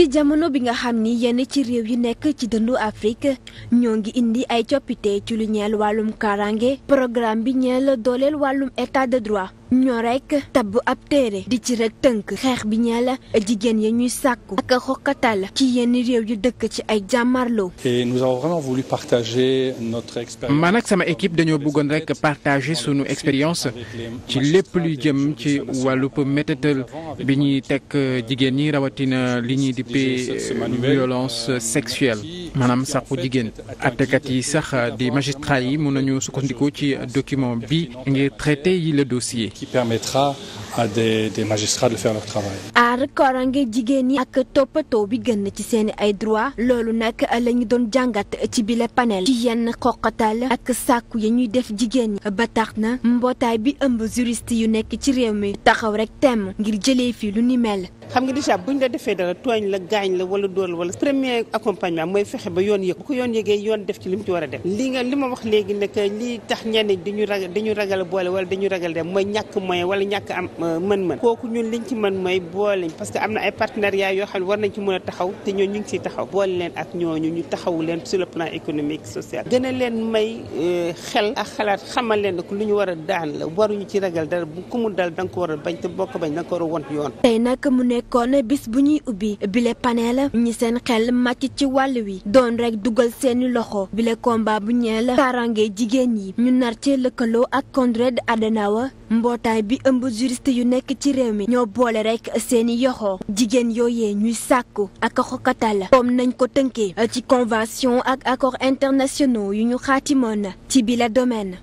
ci jamono bi nga xam ni yenn ci réew yi nekk ci dëndu Afrique ñoo ngi indi ay coppite ci lu ñeel wàllum kaaraange programme bi ñeel dooleel wàllum état de droit ñoo rek tabb ab téere di ci rek tënk xeex bi ñee la jigéen ya ñuy sàkku ak xokkatal ci yenn réew yu dëkk ci ay jàmmarloo. et nous avons vraiment voulu partager man ak sama équipe dañoo bëggoon rek partager sunu expérience ci lépp luy jëm ci wàllub mététal bi ñuy teg jigéen ñi rawatina li ñuy dippee violence sexuelle. maanaam sàkku jigéen attekat yi sax di magistrat yi mën nañu sukkandiku ci document bi ngir traité yi la dossier. qui permettra à des des magistrats jigéen ñi ak toppatoo bi gën ci seen ay droit loolu nag la ñu doon jàngat ci bile panel ci yenn xoqatal ak sàkku yi ñuy def jigéen ñi ba tax na mbootaay bi ëmb juriste yu nekk ci réew mi taxaw rek tem ngir jëlee fii lu ni mel. xam nga déjà buñ la defee dara tooñ la gaañ la wala dóor la wala premier accompagnement mooy fexe ba yoon yëg bu ko yoon yëgee yoon def ci li mu ci war a def li nga li ma wax léegi nag lii tax ñenn dañu ragal dañu ragal boole wala dañu ragal dem mooy ñàkk moyen wala ñàkk am euh, mën-mën kooku ñun liñ ci mën mooy boole parce que am na ay partenariat yoo xam ne war nañ ci mën a taxaw te ñoo ñu ngi ciy taxaw boole leen ak ñooñu ñu taxawu leen sur la plan économique social gën a leen may euh, xel ak xalaat xamal leen nag lu ñu war a daan la waruñu ci ragal dara bu ku mu dal da nga ko war a bañ te bokk bañ da nga ko war a won yoon kon bis bu ñuy ubbi bile panel ñi seen xel màcc ci wàll wi doon rek dugal seeni loxo bile combat bu ñeel kaaraange jigéen yi ñu nar ci lëkkaloo ak Konrad Adenauer mbootaay bi ëmb juriste yu nekk ci réew mi ñoo boole rekk seeni yoxo jigéen yooye ñuy sàkku ak xokatal comme nañ ko tënkee ci convention ak accords internationaux yu ñu xaatimoon ci bile domaine.